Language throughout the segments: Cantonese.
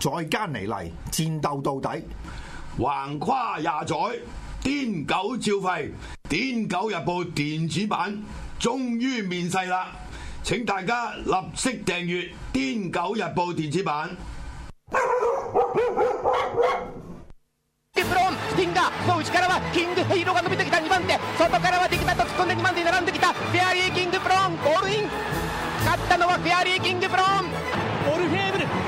再艱尼嚟，戰鬥到底，橫跨廿載，癲狗照吠，癲狗日報電子版終於面世啦！請大家立即訂閱癲狗日報電子版。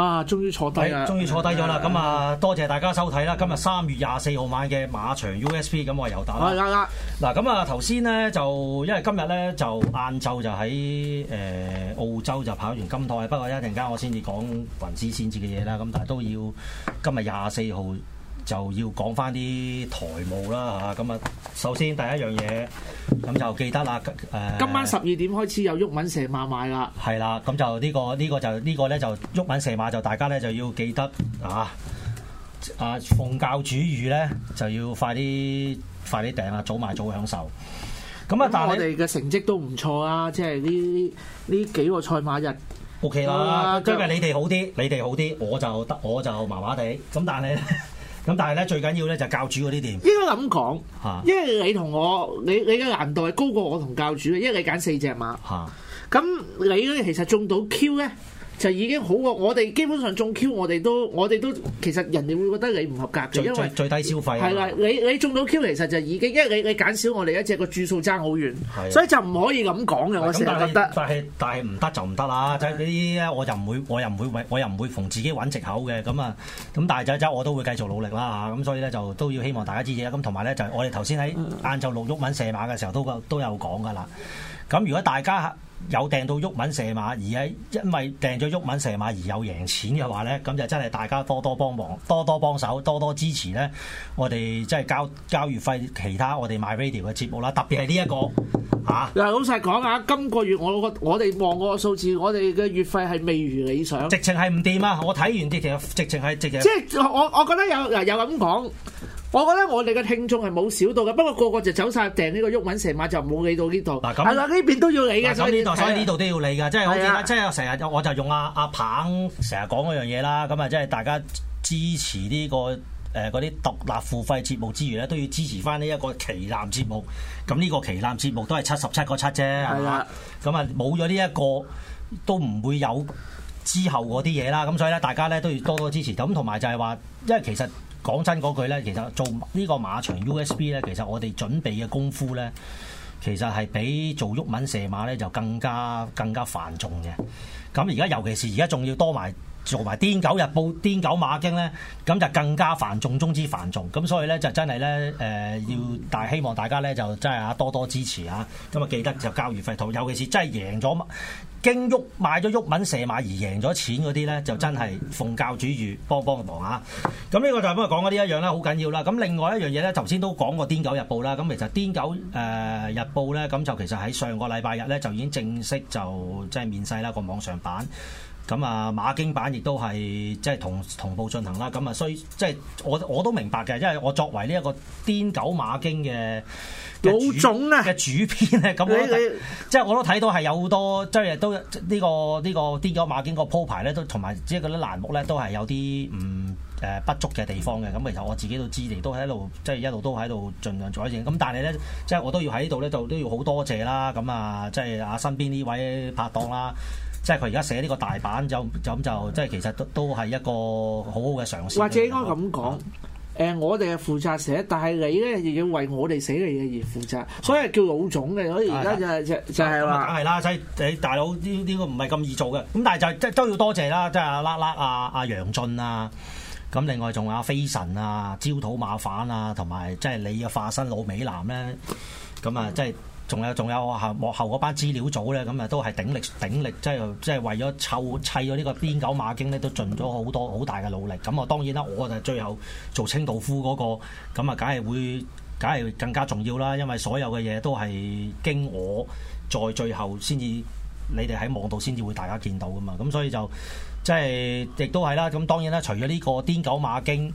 啊！終於坐低啦， 終於坐低咗啦。咁啊，多謝大家收睇啦。今日三月廿四號晚嘅馬場 USB，咁我又打啦。嗱， 咁啊，頭先咧就因為今日咧就晏晝就喺誒、呃、澳洲就跑完金盃，不過一陣間我先至講雲絲仙子嘅嘢啦。咁但係都要今日廿四號。就要講翻啲台務啦嚇，咁啊，首先第一樣嘢咁就記得啦，誒、啊、今晚十二點開始有鬱敏蛇馬買啦，係啦、呢個，咁、呢個、就呢、呢個呢個就呢個咧就鬱敏蛇馬就大家咧就要記得啊啊奉教主語咧就要快啲快啲訂啊，早買早享受。咁啊，我但係你我哋嘅成績都唔錯啊，即係呢呢幾個賽馬日 OK 啦，因為、uh, 你哋好啲，好你哋好啲，我就得我就麻麻地，咁但係咧。 咁但係咧最緊要咧就教主嗰啲點。應該咁講，因為你同我你你嘅難度係高過我同教主嘅，因為你揀四隻馬，咁、啊、你咧其實中到 Q 咧。就已經好過，我哋基本上中 Q，我哋都我哋都其實人哋會覺得你唔合格嘅，最低消費係啦。你你中到 Q 其實就已經，因為你你減少我哋一隻個注數爭好遠，所以就唔可以咁講嘅。我覺得，但係但係唔得就唔得啦。即係呢啲咧，我就唔會，我又唔會，我又唔會逢自己揾藉口嘅。咁啊，咁但係走走，我都會繼續努力啦嚇。咁所以咧，就都要希望大家知嘢。咁同埋咧，就係，我哋頭先喺晏晝六鬱文射馬嘅時候都都有講噶啦。咁如果大家有訂到喐文射馬，而喺因為訂咗喐文射馬而有贏錢嘅話咧，咁就真係大家多多幫忙，多多幫手，多多支持咧，我哋即係交交月費，其他我哋 MyRadio 嘅節目啦，特別係呢一個吓。嗱、啊、係老實講啊，今個月我我哋望個數字，我哋嘅月費係未如理想，直情係唔掂啊！我睇完啲，其實直情係直情，即係我我覺得有，又咁講。我覺得我哋嘅聽眾係冇少到嘅，不過個個，個就走晒訂呢個鬱穩成晚就冇理到呢度。係啦那，呢、啊、邊都要理嘅。那所以呢度，所以呢度都要理嘅，即係的、就是、我即係成日我就用阿阿鵬成日講嗰樣嘢啦。咁啊，即係大家支持呢、這個誒嗰啲獨立付費節目之餘咧，都要支持翻呢一個旗艦節目。咁呢個旗艦節目都係七十七個七啫，係嘛？咁啊，冇咗呢一個都唔會有之後嗰啲嘢啦。咁所以咧，大家咧都要多多支持。咁同埋就係話，因為其實。講真嗰句咧，其實做呢個馬場 USB 咧，其實我哋準備嘅功夫咧，其實係比做郁文射馬咧就更加更加繁重嘅。咁而家尤其是而家仲要多埋，做埋《癲狗日報》《癲狗馬經》咧，咁就更加繁重中之繁重，咁所以咧就真係咧誒，要、呃、但希望大家咧就真係啊多多支持啊！咁啊記得就交月費同，尤其是真係贏咗京喐買咗喐文射馬而贏咗錢嗰啲咧，就真係奉教主義幫幫忙啊！咁呢個就係講咗呢一樣啦，好緊要啦。咁、啊、另外一樣嘢咧，頭先都講過《癲狗日報》啦。咁、啊、其實《癲狗》誒日報咧，咁就、啊、其實喺上個禮拜日咧，就已經正式就即係面世啦個網上版。咁啊，馬經版亦都係即係同同步進行啦。咁啊，所以即係我我都明白嘅，因為我作為呢、這、一個癲狗馬經嘅老總啊嘅主編啊，咁我即係我都睇你到係有好多即係、就是、都呢、這個呢、這個癲狗馬經個鋪排咧，都同埋即係嗰啲欄目咧，都係有啲唔誒不足嘅地方嘅。咁其實我自己都知，嚟都喺度即係一路、就是、都喺度盡量改善。咁但係咧，即、就、係、是、我都要喺度咧，就都要好多謝啦。咁啊，即係啊身邊呢位拍檔啦。嗯即係佢而家寫呢個大版，就就咁就即係其實都都係一個好好嘅嘗試。或者應該咁講，誒、嗯呃，我哋係負責寫，但係你咧亦要為我哋寫嘅嘢而負責，嗯、所以叫老總嘅。所以而家就就就係話，梗係啦，即係你大佬呢呢個唔係咁易做嘅。咁但係就即係都要多謝啦，即係阿拉拉、阿、啊、阿、啊啊、楊俊啊，咁另外仲有阿飛神啊、焦土馬反啊，同埋即係你嘅化身老美男咧，咁啊即係。仲有仲有我幕後嗰班資料組呢，咁啊都係鼎力鼎力，即係即係為咗湊砌咗呢個《癲狗馬經》呢，都盡咗好多好大嘅努力。咁啊，當然啦，我就最後做清道夫嗰個，咁啊，梗係會梗係更加重要啦，因為所有嘅嘢都係經我，在最後先至，你哋喺網度先至會大家見到噶嘛。咁所以就即係亦都係啦。咁當然啦，除咗呢個《癲狗馬經》。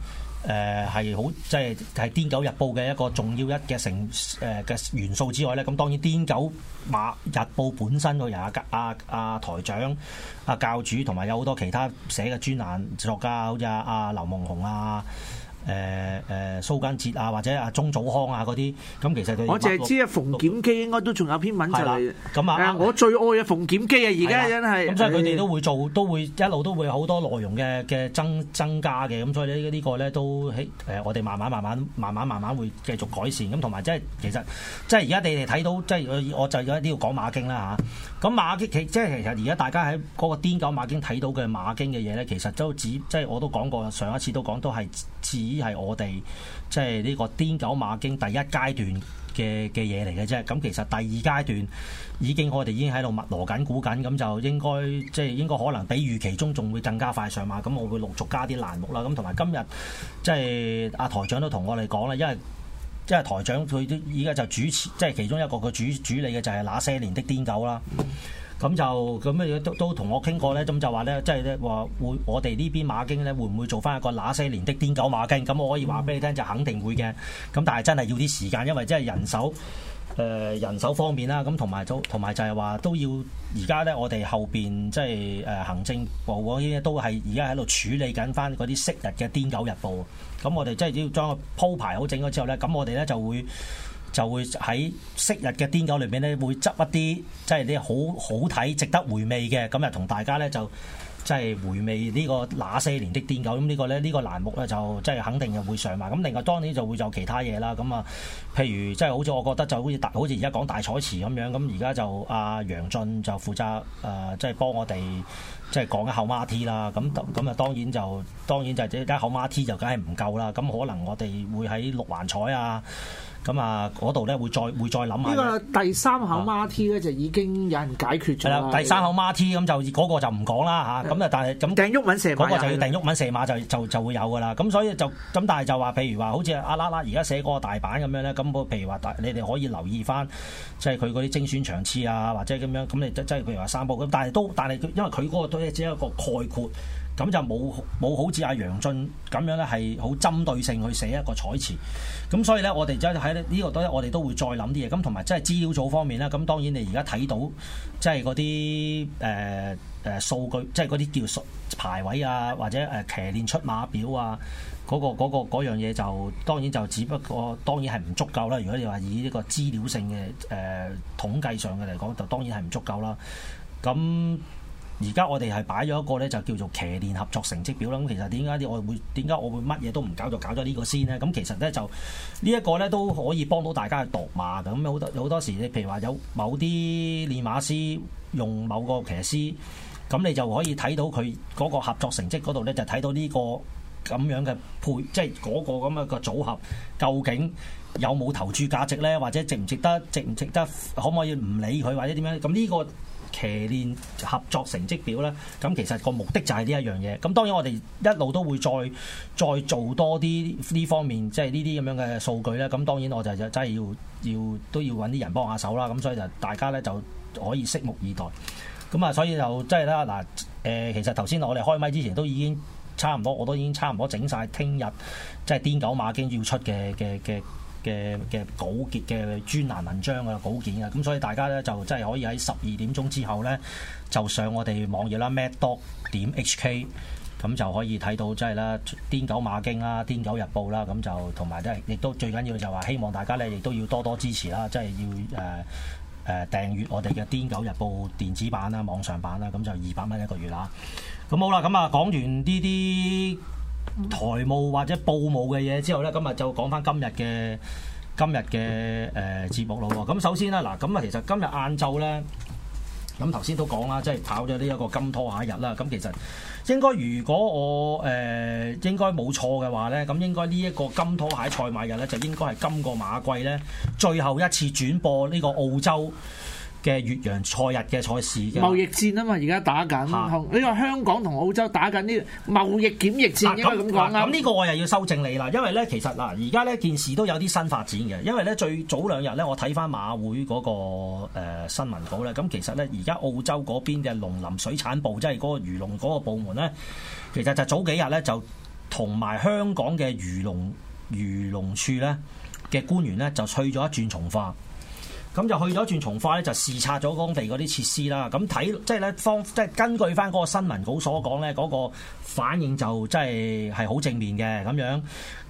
誒係好即係係《癲狗日報》嘅一個重要一嘅成誒嘅、呃、元素之外咧，咁當然《癲狗馬日報》本身個人阿阿阿台長、阿、啊、教主同埋有好多其他寫嘅專欄作家，好似阿阿劉夢熊啊。啊誒誒、呃、蘇根哲啊，或者阿鐘祖康啊嗰啲，咁其實我淨係知啊馮檢基應該都仲有篇文出嚟就係、是，誒、嗯啊、我最愛嘅馮檢基啊，而家真係咁所以佢哋都會做，都會一路都會好多內容嘅嘅增增加嘅，咁所以個呢呢個咧都喺誒我哋慢慢慢慢慢慢慢慢會繼續改善，咁同埋即係其實即係而家你哋睇到即係我我就有啲要講馬經啦吓，咁、啊、馬經其即係其實而家大家喺嗰個癲狗馬經睇到嘅馬經嘅嘢咧，其實都只即係我都講過上一次都講都係呢係我哋即係呢個《癲狗馬經》第一階段嘅嘅嘢嚟嘅啫，咁其實第二階段已經我哋已經喺度密鑼緊鼓緊，咁就應該即係應該可能比預期中仲會更加快上馬，咁我會陸續加啲欄目啦，咁同埋今日即係阿台長都同我哋講啦，因為因為台長佢都依家就主持，即係其中一個佢主主理嘅就係那些年的癲狗啦。咁就咁咩都都同我傾過咧，咁就話咧，即係咧話會我哋呢邊馬經咧，會唔會做翻一個那些年的癲狗馬經？咁我可以話俾你聽，就肯定會嘅。咁但係真係要啲時間，因為即係人手，誒人手方面啦，咁同埋同埋就係話都要而家咧，我哋後邊即係誒行政部嗰啲都係而家喺度處理緊翻嗰啲昔日嘅癲狗日報。咁我哋即係要將鋪排好整咗之後咧，咁我哋咧就會。就會喺昔日嘅癲狗裏邊咧，會執一啲即係啲好好睇、值得回味嘅咁，又同大家咧就即係回味呢個那些年的癲狗。咁、呢個、呢、呢個咧呢個欄目咧就即係肯定又會上埋。咁另外當然就會有其他嘢啦。咁啊，譬如即係好似我覺得就好似好似而家講大彩池咁樣。咁而家就阿楊俊就負責誒，即係幫我哋即係講一口孖 T 啦。咁咁啊，當然就當然一口孖就一口孖 T 就梗係唔夠啦。咁可能我哋會喺六環彩啊。咁啊，嗰度咧會再會再諗下。呢個第三口馬蹄咧就已經有人解決咗喇。係啦、啊，第三口馬蹄咁就嗰個就唔講啦嚇。咁啊，但係咁，訂喐緊射馬嗰個就要訂喐緊射馬就就就會有㗎啦。咁所以就咁，但係就話譬如話，好似阿拉拉而家寫嗰個大版咁樣咧，咁譬如話大你哋可以留意翻，即係佢嗰啲精選場次啊，或者咁樣咁你即即係譬如話三波咁，但係都但係因為佢嗰個都係只係一個概括。咁就冇冇好似阿楊俊咁樣咧，係好針對性去寫一個彩詞。咁所以咧，我哋就喺呢個都，我哋都會再諗啲嘢。咁同埋即係資料組方面啦。咁當然你而家睇到即係嗰啲誒誒數據，即係嗰啲叫排位啊，或者誒騎練出馬表啊，嗰個嗰個嗰樣嘢就當然就只不過當然係唔足夠啦。如果你話以呢個資料性嘅誒、呃、統計上嘅嚟講，就當然係唔足夠啦。咁。而家我哋係擺咗一個咧，就叫做騎練合作成績表啦。咁其實點解我會點解我會乜嘢都唔搞就搞咗呢個先咧？咁其實咧就呢一個咧都可以幫到大家去度馬嘅。咁好多好多時，你譬如話有某啲練馬師用某個騎師，咁你就可以睇到佢嗰個合作成績嗰度咧，就睇到呢個咁樣嘅配，即係嗰個咁樣嘅組合究竟有冇投注價值咧，或者值唔值得，值唔值得，可唔可以唔理佢，或者點樣？咁呢個。騎練合作成績表啦，咁其實個目的就係呢一樣嘢。咁當然我哋一路都會再再做多啲呢方面，即係呢啲咁樣嘅數據咧。咁當然我就真係要要都要搵啲人幫下手啦。咁所以就大家咧就可以拭目以待。咁啊，所以就即係啦嗱，誒其實頭先我哋開咪之前都已經差唔多，我都已經差唔多整晒聽日即係癲狗馬經要出嘅嘅嘅，嘅嘅稿結嘅專欄文章啊，稿件啊，咁所以大家咧就真係可以喺十二點鐘之後咧就上我哋網頁啦 ，maddog 點 hk，咁就可以睇到真係啦，癲狗馬經啦，癲狗日報啦，咁就同埋都係，亦都最緊要就話希望大家咧亦都要多多支持啦，即係要誒誒訂閱我哋嘅癲狗日報電子版啦、網上版啦，咁就二百蚊一個月啦。咁好啦，咁啊講完呢啲。台務或者報務嘅嘢之後呢，今日就講翻今日嘅今日嘅誒節目咯。咁首先啦，嗱，咁啊，其實今日晏晝呢，咁頭先都講啦，即係跑咗呢一個金拖鞋日啦。咁其實應該如果我誒、呃、應該冇錯嘅話呢，咁應該呢一個金拖鞋賽馬日呢，就應該係今個馬季呢，最後一次轉播呢個澳洲嘅越洋賽日嘅賽事，嘅貿易戰啊嘛，而家打緊。啊、你話香港同澳洲打緊呢貿易檢疫戰，啊、應該咁講啦。咁呢、啊啊這個我又要修正你啦，因為呢其實嗱，而家呢件事都有啲新發展嘅。因為呢最早兩日呢，我睇翻馬會嗰、那個、呃、新聞稿咧，咁其實呢，而家澳洲嗰邊嘅農林水產部，即係嗰個漁農嗰個部門呢，其實就早幾日呢，就同埋香港嘅漁農漁農處呢嘅官員呢，就去咗一轉從化。咁就去咗一轉從化咧，就視察咗當地嗰啲設施啦。咁睇即係咧方，即係根據翻嗰個新聞稿所講咧，嗰個反應就真係係好正面嘅咁樣。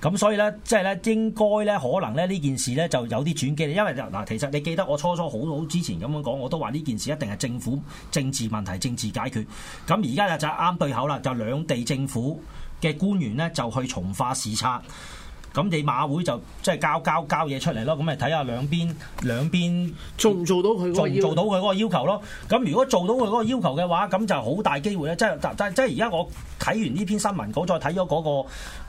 咁所以咧，即係咧應該咧，可能咧呢件事咧就有啲轉機。因為嗱，其實你記得我初初好早之前咁樣講，我都話呢件事一定係政府政治問題，政治解決。咁而家就就啱對口啦，就兩地政府嘅官員咧就去從化視察。咁你馬會就即係交交交嘢出嚟咯，咁咪睇下兩邊兩邊做唔做到佢，做唔做到佢嗰個要求咯。咁如果做到佢嗰個要求嘅話，咁就好大機會咧。即係但但係即係而家我睇完呢篇新聞稿，再睇咗嗰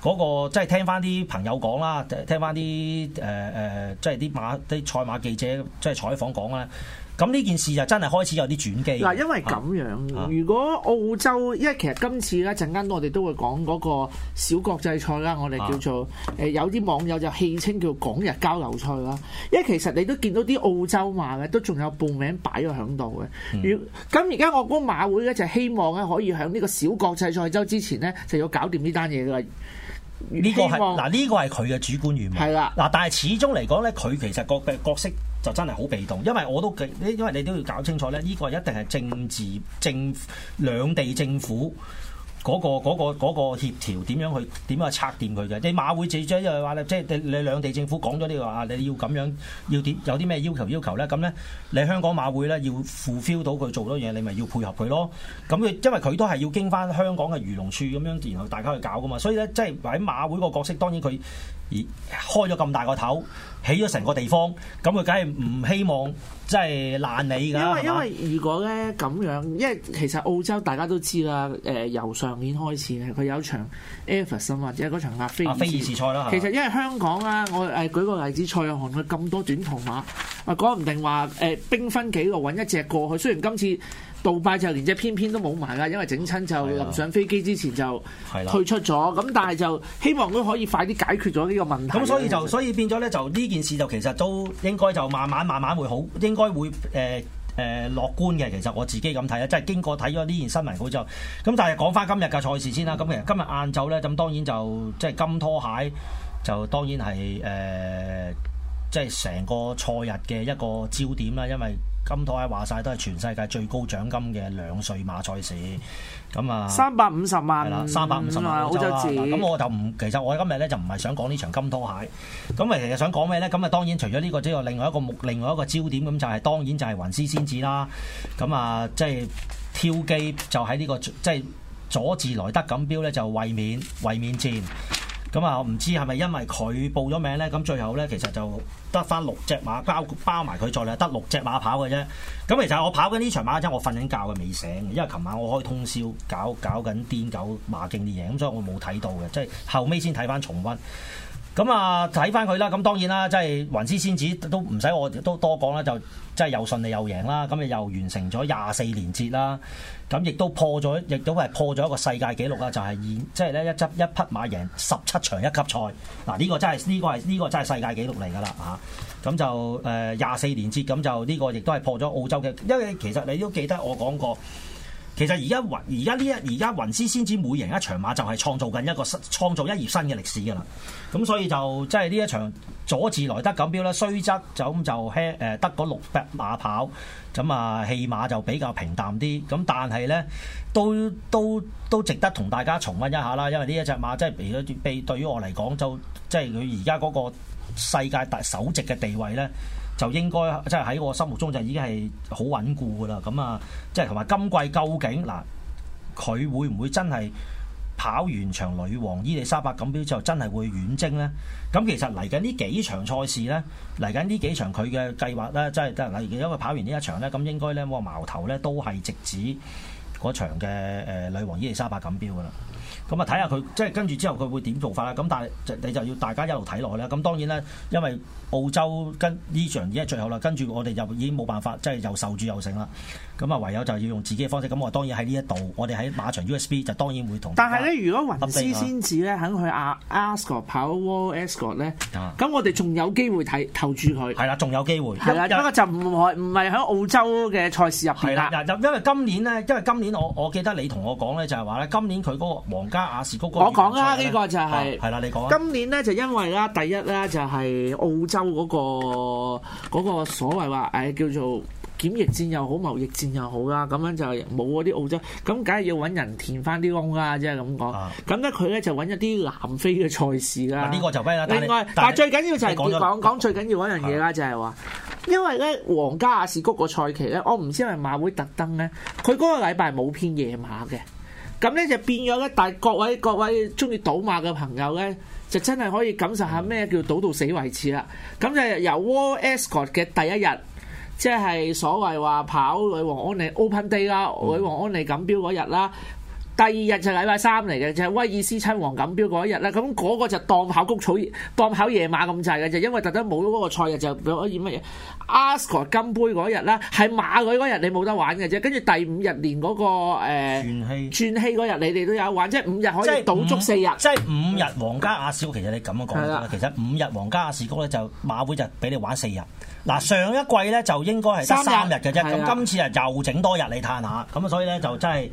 個嗰個，即係聽翻啲朋友講啦，聽翻啲誒誒，即係啲馬啲賽馬記者即係採訪講啊。咁呢件事就真係開始有啲轉機。嗱，因為咁樣，啊、如果澳洲，因為其實今次咧陣間我哋都會講嗰個小國際賽啦，我哋叫做誒、啊呃、有啲網友就戲稱叫港日交流賽啦。因為其實你都見到啲澳洲馬咧都仲有報名擺咗喺度嘅。咁而家我估馬會咧就是、希望咧可以喺呢個小國際賽週之前咧就要搞掂呢單嘢噶啦。呢個係，嗱，呢個係佢嘅主觀願望，嗱的但係始終嚟講咧，佢其實個角色就真係好被動，因為我都幾，因為你都要搞清楚咧，呢個一定係政治政兩地政府。嗰個嗰個嗰個協調點樣去點樣拆掂佢嘅？你馬會自己又話咧，即係你兩地政府講咗啲話啊，你要咁樣要點有啲咩要求要求咧？咁咧，你香港馬會咧要 fulfill 到佢做咗嘢，你咪要配合佢咯。咁佢因為佢都係要經翻香港嘅漁農處咁樣，然後大家去搞噶嘛。所以咧，即係喺馬會個角色，當然佢而開咗咁大個頭。起咗成個地方，咁佢梗係唔希望即係爛你㗎。因為吧因為如果咧咁樣，因為其實澳洲大家都知啦，誒、呃、由上年開始咧，佢有場 a、e、v r s o n 或者嗰場亞、啊、非亞二試賽啦。其實因為香港啦，啊、我誒舉個例子，蔡約翰佢咁多短途馬，我講唔定話誒兵分幾路揾一隻過去。雖然今次。杜拜就連隻偏偏都冇埋啦，因為整親就臨上飛機之前就退出咗，咁的但係就希望都可以快啲解決咗呢個問題。咁所以就的所以變咗咧，就呢件事就其實都應該就慢慢慢慢會好，應該會誒誒、呃呃、樂觀嘅。其實我自己咁睇咧，即、就、係、是、經過睇咗呢件新聞好之後，咁但係講翻今日嘅賽事先啦。咁、嗯、其實今日晏晝咧，咁當然就即係、就是、金拖鞋就當然係誒即係成個賽日嘅一個焦點啦，因為。金拖鞋話晒都係全世界最高獎金嘅兩歲馬賽事，咁啊三百五十萬係啦，三百五十萬澳洲啦、啊。咁、嗯、我就唔，其實我今日咧就唔係想講呢場金拖鞋，咁啊其實想講咩咧？咁啊當然除咗呢、這個之外另外一個目，另外一個焦點咁就係、是、當然就係雲絲仙子啦。咁啊即係挑機就喺呢、這個即係佐治萊德錦標咧，就衛冕衛冕戰。咁啊，唔、嗯、知係咪因為佢報咗名咧？咁最後咧，其實就得翻六隻馬，包包埋佢再嚟得六隻馬跑嘅啫。咁、嗯、其實我跑緊呢場馬之後，我瞓緊覺嘅，未醒。因為琴晚我開通宵搞搞緊癲狗馬經啲嘢，咁、嗯、所以我冇睇到嘅，即係後尾先睇翻重温。咁啊，睇翻佢啦。咁當然啦，即係雲絲仙子都唔使我都多講啦，就即係又順利又贏啦。咁又完成咗廿四連捷啦。咁亦都破咗，亦都係破咗一個世界紀錄啦。就係現即係咧一執一匹馬贏十七場一級賽嗱，呢個真係呢個係呢個真係世界紀錄嚟㗎啦嚇。咁就誒廿四連捷，咁就呢個亦都係破咗澳洲嘅，因為其實你都記得我講過。其實而家雲而家呢一而家雲絲仙子每贏一場馬就係創造緊一個新創造一頁新嘅歷史㗎啦，咁所以就即係呢一場佐治萊德錦標咧，雖則就咁就 h e 得嗰六匹馬跑，咁啊戲馬就比較平淡啲，咁但係咧都都都值得同大家重溫一下啦，因為呢一隻馬即係如果對對於我嚟講就即係佢而家嗰個世界大首席嘅地位咧。就應該即係喺我心目中就已經係好穩固噶啦，咁啊，即係同埋今季究竟，嗱，佢會唔會真係跑完場女王伊利莎白錦標之後真係會遠征呢？咁其實嚟緊呢幾場賽事呢，嚟緊呢幾場佢嘅計劃呢，即係得，因為跑完呢一場呢，咁應該呢，我矛頭呢都係直指嗰場嘅誒女王伊利莎白錦標噶啦。咁啊，睇下佢即係跟住之後佢會點做法啦。咁但係你就要大家一路睇落去啦，咁當然啦，因為澳洲跟呢場已經係最後啦。跟住我哋就已經冇辦法，即係又受注又成啦。咁啊，唯有就要用自己嘅方式。咁我當然喺呢一度，我哋喺馬場 USB 就當然會同。但係咧，如果雲絲仙子咧肯去阿阿 Ascot 跑 Royal Ascot 咧，咁我哋仲有機會睇投注佢。係啦，仲有機會，係啦，不過就唔係唔係喺澳洲嘅賽事入去啦。嗱，因為今年咧，因為今年我我記得你同我講咧，就係話咧，今年佢嗰個谷我講啦，呢、這個就係係啦，你講。今年咧就因為咧，第一咧就係、是、澳洲嗰、那個那個所謂話誒、哎、叫做檢疫戰又好，貿易戰又好啦，咁樣就冇嗰啲澳洲，咁梗係要揾人填翻啲窿啦，即係咁講。咁咧佢咧就揾一啲南非嘅賽事啦。呢、啊這個就唔一樣。另外，但係最緊要就係、是、講講講最緊要嗰樣嘢啦，就係話，因為咧皇家雅士谷個賽期咧，我唔知係咪馬會特登咧，佢嗰個禮拜冇編夜馬嘅。咁呢就變咗咧，但各位各位中意賭馬嘅朋友呢，就真係可以感受下咩叫賭到死為止啦。咁就由 War Escort 嘅第一日，即係所謂話跑女王安妮 Open Day 啦，女王安妮錦標嗰日啦。第二日就禮拜三嚟嘅，就係、是、威爾斯親王錦標嗰一日啦。咁嗰個就當口谷草，當口夜馬咁滯嘅，就因為特登冇嗰個賽日，就可以乜嘢雅士谷金杯嗰日啦，係馬會嗰日你冇得玩嘅啫。跟住第五日連嗰、那個誒轉、呃、氣嗰日，你哋都有玩，即係五日可以。即係賭足四日。即係五,五日皇家雅士谷，其實你咁樣講是的 其實五日皇家雅士谷咧就馬會就俾你玩四日。嗱，上一季咧就應該係三日嘅啫。咁今日次啊又整多日你嘆下。咁所以咧就真係。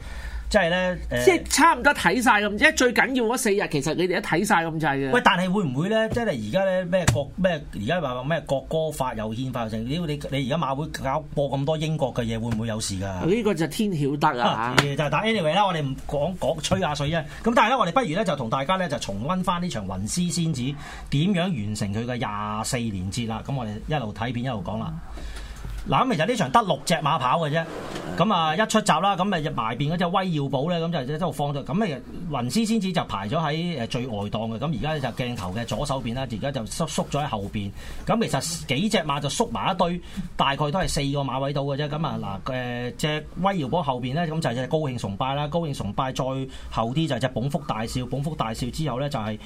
即係咧，誒，即係差唔多睇晒咁，即係最緊要嗰四日，其實你哋都睇晒咁滯嘅。喂，但係會唔會咧？即係而家咧咩國咩？而家話話咩國歌法又憲法成？屌你！你而家馬會搞播咁多英國嘅嘢，會唔會有事㗎？呢個就天曉得啊！嚇、啊，就打 anyway 啦，我哋唔講講吹下水啫。咁但係咧，我哋不如咧就同大家咧就重温翻呢場雲絲仙子點樣完成佢嘅廿四連捷啦。咁我哋一路睇片一路講啦。嗱咁，其實呢場得六隻馬跑嘅啫，咁啊一出閘啦，咁咪入埋邊嗰隻威耀寶咧，咁就即係放咗，咁咪雲絲仙子就排咗喺誒最外檔嘅，咁而家就鏡頭嘅左手邊啦，而家就縮縮咗喺後邊，咁其實幾隻馬就縮埋一堆，大概都係四個馬位到嘅啫，咁啊嗱誒隻威耀寶後邊咧，咁就隻高興崇拜啦，高興崇拜再後啲就隻捧腹大笑，捧腹大笑之後咧就係、是。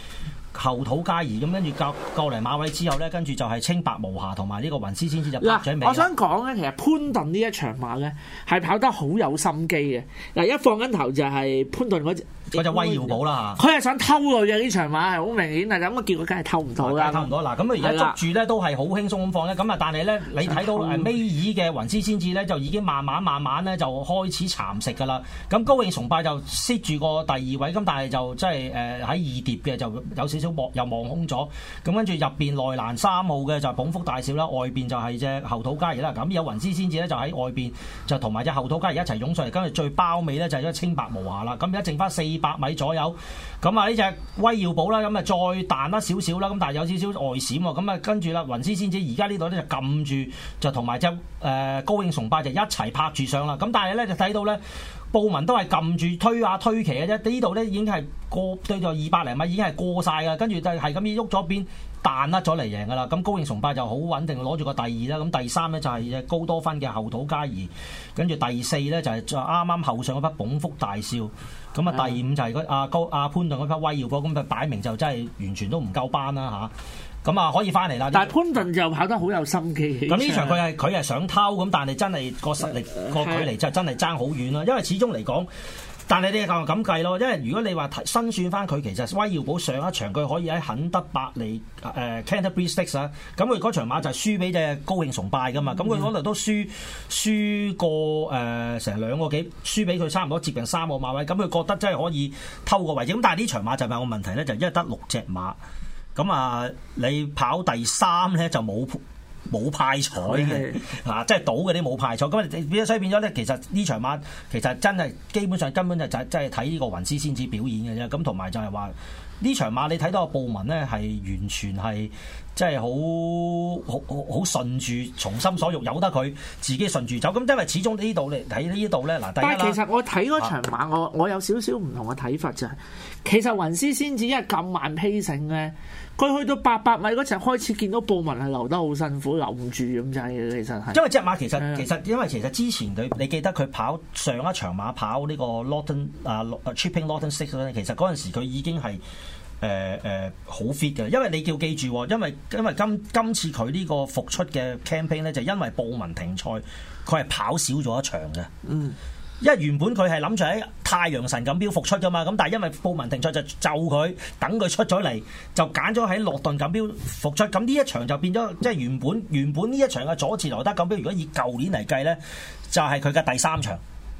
厚土佳宜，咁跟住過過嚟馬位之後咧，跟住就係清白無瑕同埋呢個雲絲仙子入咗獎名。尾我想講咧，其實潘頓呢一場馬咧係跑得好有心機嘅。嗱，一放緊頭就係潘頓嗰隻。佢就威耀堡、嗯、啦，佢係想偷佢嘅呢場馬，係好明顯啊！咁我結果梗係偷唔到啦。偷唔到嗱，咁佢而家捉住咧都係好輕鬆咁放咧。咁啊，但係咧，你睇到誒尾耳嘅雲絲仙子咧，就已經慢慢慢慢咧就開始蠶食噶啦。咁高興崇拜就蝕住個第二位，咁但係就即係誒喺二疊嘅就有少少望又望空咗。咁跟住入邊內欄三號嘅就捧腹大笑啦，外邊就係隻後土佳兒啦。咁有雲絲仙子咧就喺外邊就同埋隻後土佳兒一齊湧上嚟，跟住最包尾咧就係隻清白無瑕啦。咁而家剩翻四。二百米左右，咁啊呢隻威耀寶啦，咁啊再彈得少少啦，咁但係有少少外閃喎，咁啊跟住啦，雲絲仙子而家呢度咧就撳住，就同埋隻誒高興崇拜就一齊拍住上啦，咁但係咧就睇到咧，布文都係撳住推下推其嘅啫，呢度咧已經係過對住二百零米已經係過晒噶，跟住就係咁樣喐咗邊。扮甩咗嚟贏㗎啦，咁高應崇拜就好穩定攞住個第二啦，咁第三咧就係高多芬嘅後土加二，跟住第四咧就係啱啱後上嗰匹捧腹大笑，咁啊第五就係阿高阿潘頓嗰匹威耀哥，咁就擺明就真係完全都唔夠班啦吓。咁啊可以翻嚟啦。但係潘頓又跑得好有心機，咁呢場佢係佢係想偷咁，的但係真係個實力的個距離就真係爭好遠啦，因為始終嚟講。但係你哋就咁計咯，因為如果你話新算翻佢，其實威耀寶上一場佢可以喺肯德伯利誒，Canterbury Stakes 啊，咁佢嗰場馬就輸俾隻高慶崇拜噶嘛，咁佢可能都輸輸過誒成、呃、兩個幾輸俾佢差唔多接近三個馬位，咁佢覺得真係可以偷個位置。咁但係呢場馬就係個問題咧，就因為得六隻馬咁啊，你跑第三咧就冇，冇派彩嘅，是是啊，即係賭嘅啲冇派彩，咁啊變咗所以變咗咧，其實呢場馬其實真係基本上根本就就係即係睇呢個雲絲仙子表演嘅啫，咁同埋就係話呢場馬你睇到個部紋咧係完全係即係好好好好順住，從心所欲由得佢自己順住走，咁因為始終呢度你睇呢度咧嗱，但係其實我睇嗰場馬，我、啊、我有少少唔同嘅睇法就係，其實雲絲仙子一咁慢披成咧。佢去到八百米嗰陣，開始見到布文係流得好辛苦，流唔住咁滯嘅，其實係。因為隻馬其實是的 其實因為其實之前佢，你記得佢跑上一場馬跑呢個 Norton 啊啊 Chipping Norton Stakes 咧，其實嗰陣時佢已經係誒誒好 fit 嘅，因為你要記住，因為因為今今次佢呢個復出嘅 campaign 咧，就是、因為布文停賽，佢係跑少咗一場嘅。嗯。因為原本佢係諗住喺太陽神錦標復出噶嘛，咁但係因為布文停賽就就佢等佢出咗嚟，就揀咗喺洛頓錦標復出，咁呢一場就變咗即係原本原本呢一場嘅佐治羅德錦標，如果以舊年嚟計咧，就係佢嘅第三場，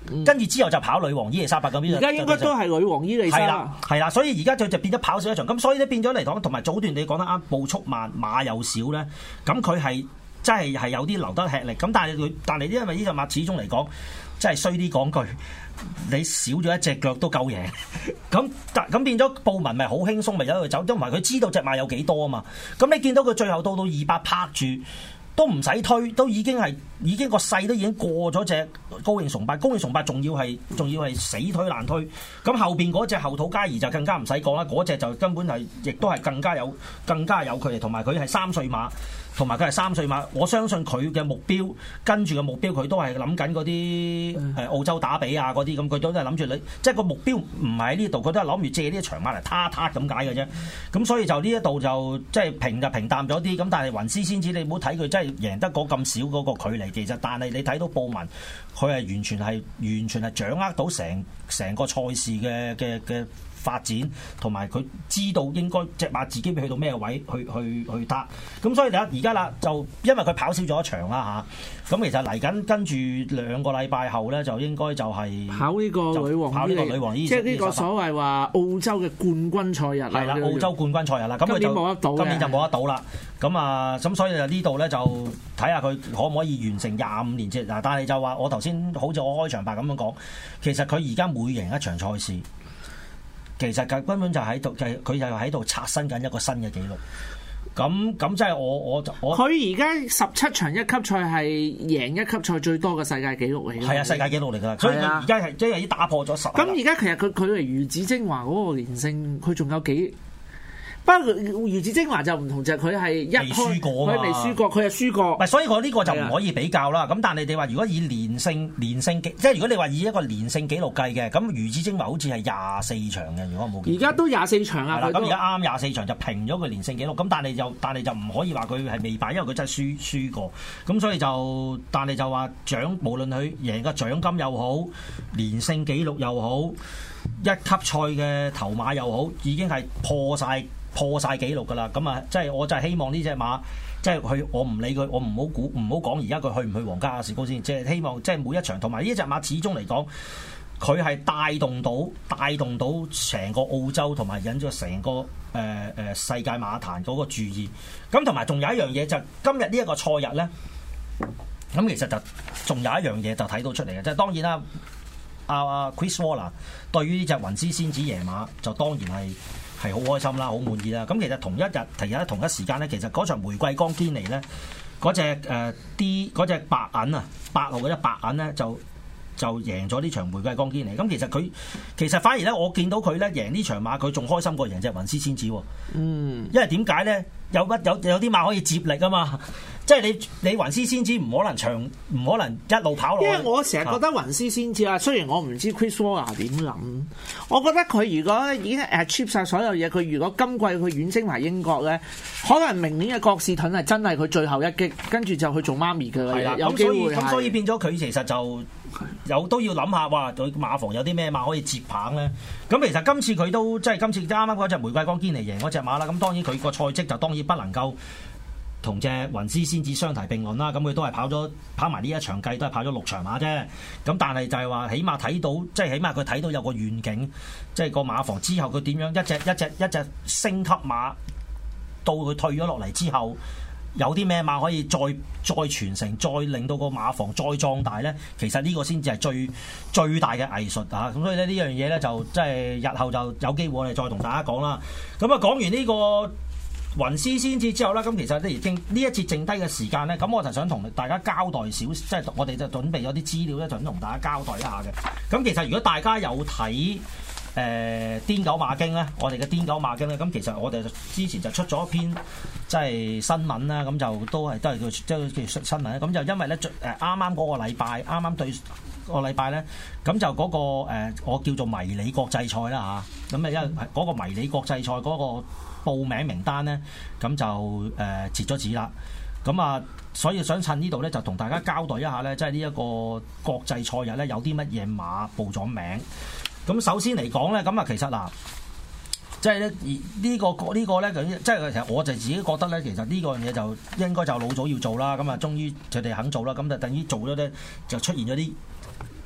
跟住，嗯，之後就跑女王伊麗莎白錦標。而，呃，家應該都係女王伊麗莎。係啦，係啦，所以而家就就變咗跑少一場，咁所以咧變咗嚟講，同埋早段你講得啱，步速慢，馬又少咧，咁佢係真係係有啲留得吃力，咁但係佢但係因為呢隻馬始終嚟講。真係衰啲講句，你少咗一隻腳都夠贏。咁咁變咗布文咪好輕鬆，咪一路走，因為佢知道隻馬有幾多啊嘛。咁你見到佢最後到到二百拍住，都唔使推，都已經係。已經個勢都已經過咗隻高榮崇拜，高榮崇拜仲要係仲要係死推難推，咁後邊嗰隻後土佳兒就更加唔使講啦，嗰隻就根本係亦都係更加有更加有距離，同埋佢係三歲馬，同埋佢係三歲馬，我相信佢嘅目標跟住嘅目標，佢都係諗緊嗰啲澳洲打比啊嗰啲咁，佢都係諗住你，即係個目標唔喺呢度，佢都係諗住借呢場馬嚟撻撻咁解嘅啫。咁所以就呢一度就即係平就平，平淡咗啲，咁但係雲絲仙子，你唔好睇佢真係贏得嗰咁少嗰個距離。其實，但係你睇到布文，佢係完全係完全係掌握到成成個賽事嘅嘅嘅。發展同埋佢知道應該隻馬自己去到咩位去去去得，咁所以而家啦就因為佢跑少咗場啦吓，咁其實嚟緊跟住兩個禮拜後咧就應該就係跑呢個女王、跑呢個女王呢，王即係呢個所謂話澳洲嘅冠軍賽日。係啦的，澳洲冠軍賽日啦，咁佢就今年冇得到，今年就冇得到啦。咁啊咁所以就呢度咧就睇下佢可唔可以完成廿五連捷嗱，但係就話我頭先好似我開場白咁樣講，其實佢而家每贏一場賽事。其實佢根本就喺度，佢佢就喺度刷新緊一個新嘅紀錄。咁咁即係我我，佢而家十七場一級賽係贏一級賽最多嘅世界紀錄嚟。係啊，世界紀錄嚟㗎。啊、所以佢而家係即係已經打破咗十。咁而家其實佢佢嚟魚子精華嗰個連勝，佢仲有幾？不過魚子精華就唔同，就係佢係一開佢未輸過，佢係輸過。唔係，所以我呢個就唔可以比較啦。咁是的 但係你哋話，如果以連勝連勝，即係如果你話以一個連勝記錄計嘅，咁魚子精華好似係廿四場嘅，如果我冇記而家都廿四場啊。咁而家啱廿四場，就平咗個連勝記錄。咁但係就但係就唔可以話佢係未敗，因為佢真係輸輸過。咁所以就但係就話獎，無論佢贏個獎金又好，連勝記錄又好，一級賽嘅頭馬又好，已經係破晒。破晒記錄噶啦，咁啊，即係我就希望呢隻馬，即係佢，我唔理佢，我唔好估，唔好講，而家佢去唔去皇家亞士高先，即、就、係、是、希望，即、就、係、是、每一場同埋呢隻馬，始終嚟講，佢係帶動到，帶動到成個澳洲同埋引咗成個誒誒、呃、世界馬壇嗰個注意。咁同埋仲有一樣嘢就是、今日呢一個賽日咧，咁其實就仲有一樣嘢就睇到出嚟嘅，即、就、係、是、當然啦，阿、啊、Chris Waller 對於呢隻雲絲仙子爺馬就當然係。係好開心啦，好滿意啦！咁其實同一日，提下同一時間咧，其實嗰場玫瑰江堅尼咧，嗰隻誒啲隻白銀啊，八號嗰隻白銀咧，就就贏咗呢場玫瑰江堅尼。咁其實佢其實反而咧，我見到佢咧贏呢場馬，佢仲開心過贏隻雲絲仙子喎。嗯，因為點解咧？有不有有啲馬可以接力啊嘛？即係你你雲絲仙子唔可能長唔可能一路跑落，因為我成日覺得雲絲仙子啊。是雖然我唔知 Chris Waller 點、er、諗，我覺得佢如果已經 achieve 晒所有嘢，佢如果今季佢遠征埋英國咧，可能明年嘅覺士盾係真係佢最後一擊，跟住就去做媽咪嘅啦。係啦的，咁所以咁所以變咗佢其實就有都要諗下，哇！佢馬房有啲咩馬可以接棒咧？咁其實今次佢都即係今次啱啱嗰隻玫瑰江堅尼贏嗰隻馬啦。咁當然佢個賽績就當然不能夠。同隻雲絲仙子相提並論啦，咁佢都係跑咗跑埋呢一場計，都係跑咗六場馬啫。咁但係就係話，起碼睇到即係、就是、起碼佢睇到有個願景，即、就、係、是、個馬房之後佢點樣一隻一隻一隻，一隻升級馬到佢退咗落嚟之後，有啲咩馬可以再再傳承，再令到個馬房再壯大咧？其實呢個先至係最最大嘅藝術嚇。咁、啊、所以咧呢樣嘢咧就即係、就是、日後就有機會我哋再同大家講啦。咁啊講完呢、這個。雲絲仙子之後咧，咁其實咧，而正呢一節剩低嘅時間咧，咁我就想同大家交代少，即係我哋就準備咗啲資料咧，就想同大家交代一下嘅。咁其實如果大家有睇誒《癲狗馬經》咧，我哋嘅《癲狗馬經》咧，咁其實我哋之前就出咗一篇即係新聞啦，咁就都係都係叫即叫新新聞咧。咁就因為咧最啱啱嗰個禮拜，啱啱對個禮拜咧，咁就嗰個我叫做迷你國際賽啦吓，咁啊因為嗰個迷你國際賽嗰個。報名名單咧，咁就誒、呃、截咗紙啦。咁啊，所以想趁呢度咧，就同大家交代一下咧，即係呢一個國際賽日咧，有啲乜嘢馬報咗名。咁首先嚟講咧，咁啊，其實啊，即係咧，呢個呢個咧，咁即係其實我就自己覺得咧，其實呢個嘢就應該就老早要做啦。咁啊，終於佢哋肯做啦，咁就等於做咗咧，就出現咗啲。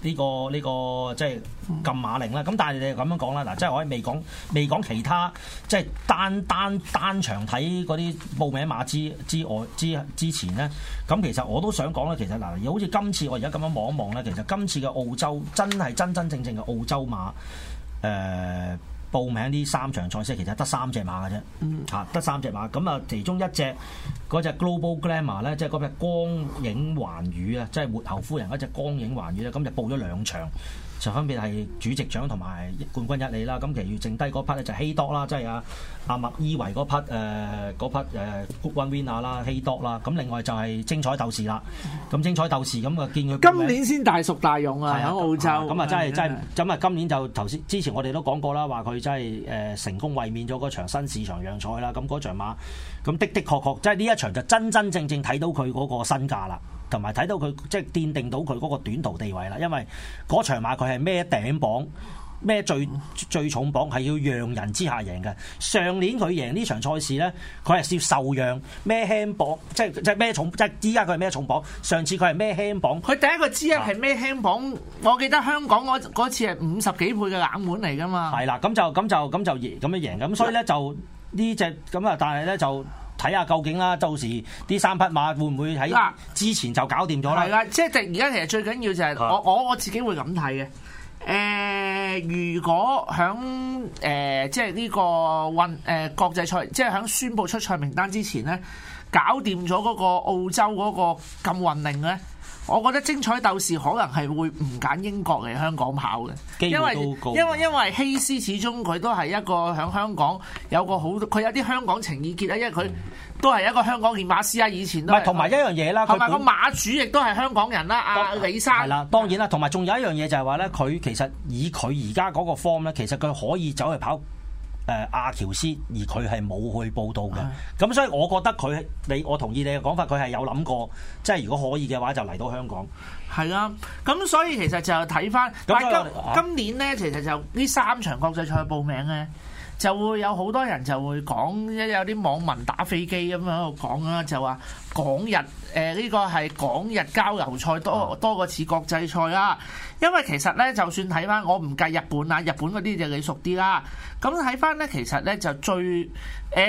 呢個，呢個，即係禁馬令啦，咁但係你哋咁樣講啦，嗱，即係我未講未講其他，即係單單單場睇嗰啲報名馬之之外之之前咧，咁其實我都想講咧，其實嗱，好似今次我而家咁樣望一望咧，其實今次嘅澳洲真係真真正正嘅澳洲馬誒。呃報名呢三場賽事，其實得三隻馬嘅啫，嚇，得三隻馬。咁啊，其中一隻嗰隻 Global Glamour 咧，即係嗰隻光影環宇啊，即係活後夫人一隻光影環宇咧，咁就報咗兩場。就分別係主席獎同埋冠軍一哩啦，咁其餘剩低嗰匹咧就希多啦，即係阿阿麥依維嗰匹誒嗰匹誒福溫維亞啦，希多啦，咁另外就係精彩鬥士啦，咁精彩鬥士咁啊見佢今年先大熟大勇啊，喺、啊、澳洲咁啊真係真，咁啊今年就頭先之前我哋都講過啦，話佢真係誒成功衛冕咗嗰場新市場讓賽啦，咁嗰場馬咁的的確確，確即係呢一場就真真正正睇到佢嗰個身價啦。同埋睇到佢即係奠定到佢嗰個短途地位啦，因為嗰場馬佢係咩頂磅？咩最最重磅，係要讓人之下贏嘅。上年佢贏呢場賽事咧，佢係要受讓咩輕磅，即係、即係、即係咩重即係依家佢係咩重磅。上次佢係咩輕磅，佢第一個之一係咩輕磅。啊、我記得香港嗰次係五十幾倍嘅冷門嚟㗎嘛。係啦、啊，咁就咁就咁就，就贏咁樣贏咁，所以咧就呢隻咁啊，但係咧就。睇下究竟啦，到時啲三匹馬會唔會喺之前就搞掂咗啦？係啦，即係而家其實最緊要就係是的 我我我自己會咁睇嘅。誒、呃，如果響誒、呃、即係呢個運誒、呃、國際賽，即係響宣布出賽名單之前咧，搞掂咗嗰個澳洲嗰個禁運令咧。我覺得精彩鬥士可能係會唔揀英國嚟香港跑嘅，因為因為因為希斯始終佢都係一個喺香港有個好，佢有啲香港情意結啊，因為佢都係一個香港練馬師啊，以前都唔係同埋一樣嘢啦，同埋、啊他 個馬主亦都係香港人啦，阿當、啊、李生係啦，當然啦，同埋仲有一樣嘢就係話咧，佢其實以佢而家嗰個 form 咧，其實佢可以走去跑。誒阿喬斯，而佢係冇去報到嘅，咁是的 所以我覺得佢，你我同意你嘅講法，佢係有諗過，即係如果可以嘅話，就嚟到香港。係啊，咁所以其實就睇返，但今、啊、今年呢，其實就呢三場國際賽報名呢。就會有好多人就會講一有啲網民打飛機咁樣喺度講啦，就話港日誒呢個係港日交流賽多多過似國際賽啦。因為其實咧，就算睇翻我唔計日本啊日本啲就你熟啲啦。咁睇翻咧，其實咧就最誒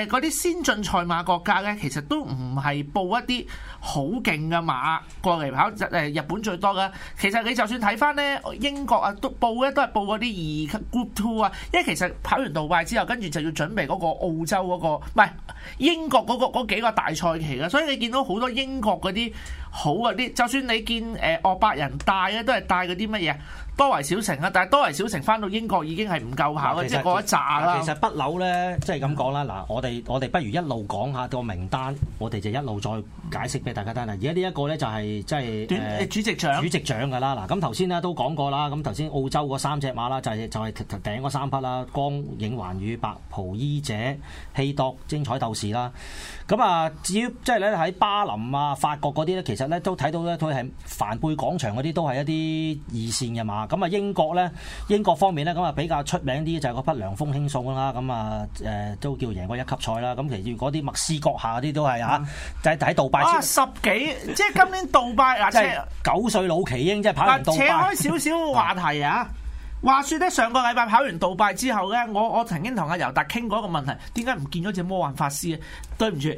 啲、呃、先進賽馬國家咧，其實都唔係報一啲好勁嘅馬過嚟跑，誒日本最多嘅。其實你就算睇翻咧，英國啊都報咧都係報嗰啲二級 Group Two 啊，因為其實跑完杜拜之後。跟住就要準備嗰個澳洲嗰個，唔係英國嗰個嗰幾個大賽期啦。所以你見到好多英國嗰啲好嗰啲，就算你見誒奧巴人帶咧，都係帶嗰啲乜嘢。多圍小城啊！但係多圍小城返到英國已經係唔夠下嘅，即係嗰一紮啦。其實北樓咧，即係咁講啦。嗱了、就是，我哋我哋不如一路講一下個名單，我哋就一路再解釋俾大家聽啦。而家呢一個咧就係即係主席獎主席獎嘅啦。嗱，咁頭先咧都講過啦。咁頭先澳洲嗰三隻馬啦，就係、是、就係、是、頂嗰三匹啦：光影環宇、白袍衣者、希多精彩鬥士啦。咁啊，至於即係咧喺巴林啊、法國嗰啲咧，其實咧都睇到咧，佢係帆背廣場嗰啲都係一啲二線嘅馬。咁啊，英國咧，英國方面咧，咁啊比較出名啲就係嗰匹涼風輕送啦，咁啊誒都叫贏過一級賽啦，咁其實如果啲麥斯閣下啲都係、嗯、啊，就係喺杜拜。哇！十幾， 即係今年杜拜啊，即係 九歲老騎英， 即係跑完杜拜。扯開少少話題啊， 話說咧，上個禮拜跑完杜拜之後咧，我我曾經同阿尤達傾過一個問題，點解唔見咗隻魔幻法師咧？對唔住。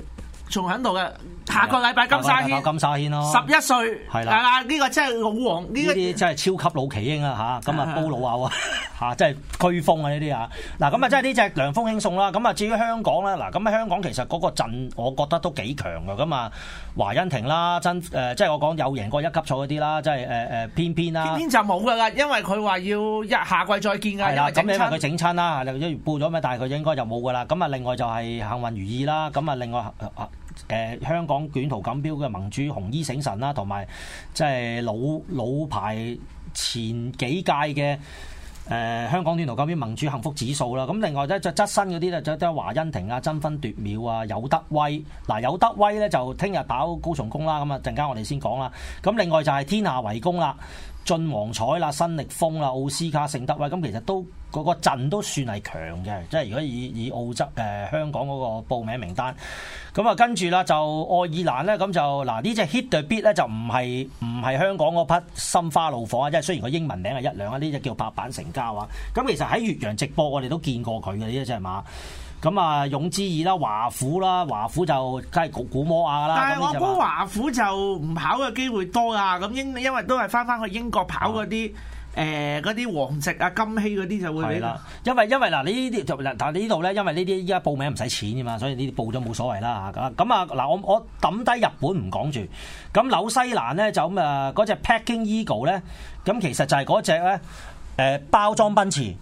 仲喺度嘅，下個禮拜金沙軒，金沙軒咯，十一歲，係啦了，呢、啊呢個真係老王，呢、這、啲、個、真係超級老奇英啊吓，今日是煲老牛啊吓，真係颶風啊呢啲啊，嗱咁啊，真係、啊、呢隻涼風輕送啦。咁啊至於香港啦，嗱、啊，咁啊香港其實嗰個陣，我覺得都，都幾強嘅咁啊，華欣庭啦，真誒、呃、即係我講有贏過一級賽嗰啲啦，即係誒誒偏偏啦，偏、呃、偏、呃呃、就冇㗎啦，因為佢話要一下季再見㗎，有整親，咁你話佢整親啦，你一報咗咩？但係佢應該就冇㗎啦。咁啊另外就係幸運如意啦，咁啊另外。啊啊啊啊啊啊誒香港短途錦標嘅盟主紅衣醒神啦，同埋即係老老牌前幾屆嘅誒、呃、香港短途錦標盟主幸福指數啦。咁另外咧著側身嗰啲咧，就得華欣庭啊、爭分奪秒啊、有德威。嗱、啊、有德威咧就聽日打高松宮啦。咁啊陣間我哋先講啦。咁另外就係天下圍攻啦。晉王彩啦、新力風啦、奧斯卡、聖德威，咁其實都嗰、嗰個陣都算係強嘅，即係如果以以澳洲誒、呃、香港嗰個報名名單，咁啊跟住啦就愛爾蘭咧，咁就嗱呢隻 Hit The Beat 咧就唔係唔係香港嗰匹心花怒火」。啊，即係雖然個英文名係一兩啊，呢隻叫白板成交啊，咁其實喺越洋直播我哋都見過佢嘅呢一隻馬。咁啊，勇之二啦，華府啦，華府就梗係估估摸下啦。但係我估華府就唔跑嘅機會多啊！咁英因為都係翻翻去英國跑嗰啲，誒嗰啲皇室啊、金禧嗰啲就會。係啦，因為因為嗱呢啲就但係呢度咧，因為呢啲依家報名唔使錢噶嘛，所以呢啲報咗冇所謂啦嚇。咁啊嗱、啊，我我抌低日本唔講住。咁紐西蘭咧就咁啊，嗰隻 Packing Eagle 咧，咁其實就係嗰隻咧誒包裝奔馳。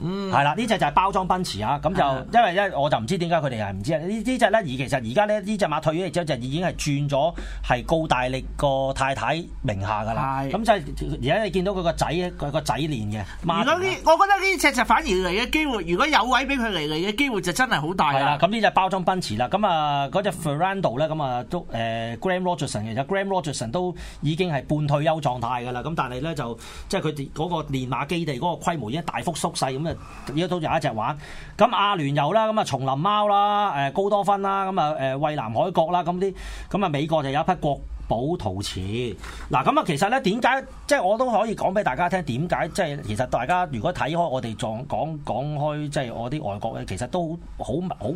嗯，係啦，呢隻就係包裝奔馳啊，咁就的因為咧，我就唔知點解佢哋係唔知啊。隻呢呢隻咧而其實而家咧呢隻馬退咗之後就已經係轉咗係高大力個太太名下㗎啦。係的，咁即係而家你見到佢個仔佢個仔練嘅。如果呢，丁我覺得呢隻就反而嚟嘅機會，如果有位俾佢嚟嘅機會就真係好大。係啦，咁呢隻包裝奔馳啦，咁啊嗰隻 Ferrando 咧，咁、那、啊、個 er、都誒、呃、Graham Rodgerson，其實、就是、Graham Rodgerson 都已經係半退休狀態㗎啦。咁但係咧就即係佢哋嗰個練馬基地嗰個規模已經大幅縮細咁。依家都仲有一隻玩，咁阿聯酋啦，咁啊叢林貓啦，誒高多芬啦，咁啊誒蔚藍海角啦，咁啲，咁啊美國就有一匹國保陶瓷嗱，咁啊，其實咧點解即係我都可以講俾大家聽，點解即係其實大家如果睇開我哋撞講講開，即係我啲外國咧，其實都好好好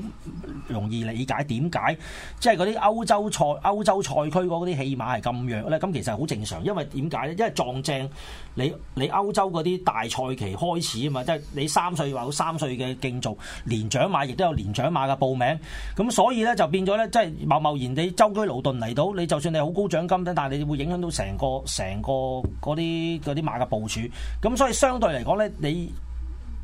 容易理解點解即係嗰啲歐洲賽歐洲賽區嗰啲戲碼係咁弱咧？咁其實好正常，因為點解咧？因為撞正你你歐洲嗰啲大賽期開始啊嘛，即係你三歲或者三歲嘅競逐年長馬亦都有年長馬嘅報名，咁所以咧就變咗咧，即係貿貿然地舟車勞頓嚟到，你就算你好。高獎金，但係你會影響到成個成個啲啲馬嘅部署。咁所以相對嚟講咧，你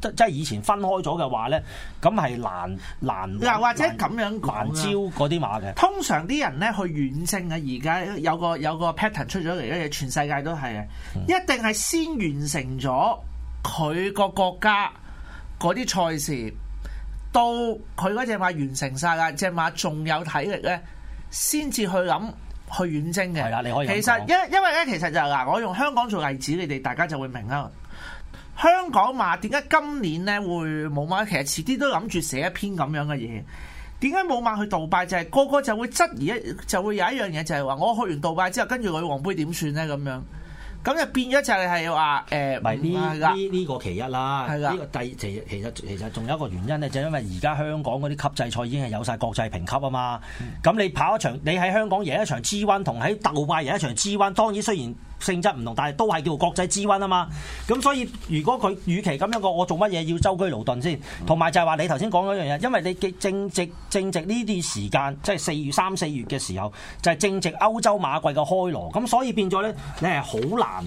即係以前分開咗嘅話咧，咁係難難。嗱，或者咁樣講，難招嗰啲馬嘅。通常啲人咧去遠征啊，而家有個有個 pattern 出咗嚟，因為全世界都係嘅，一定係先完成咗佢個國家嗰啲賽事，到佢嗰隻馬完成晒啦，隻馬仲有體力咧，先至去諗。去遠征嘅，你可以其實因因為咧，其實就嗱、係，我用香港做例子，你哋大家就會明啦。香港馬點解今年咧會冇馬？其實遲啲都諗住寫一篇咁樣嘅嘢。點解冇馬去杜拜，就係？就係個個就會質疑，就會有一樣嘢就係話，我去完杜拜之後，跟住女皇盃點算咧？咁樣。咁就變咗就係話、啊，誒、呃，唔係呢呢呢個其一啦，呢是的、這個第其實其實其實仲有一個原因咧，就因為而家香港嗰啲級制賽已經係有晒國際評級啊嘛，咁、嗯、你跑一場，你喺香港贏一場 G1，同喺杜拜贏一場 G1，當然雖然。性質唔同，但係都係叫國際之溫啊嘛，咁所以如果佢與其咁樣講，我做乜嘢要舟車勞頓先？同埋就係話你頭先講嗰樣嘢，因為你正值正值呢段時間，即係四月三四月嘅時候，就係、是、正值歐洲馬季嘅開鑼，咁所以變咗呢，你係好難。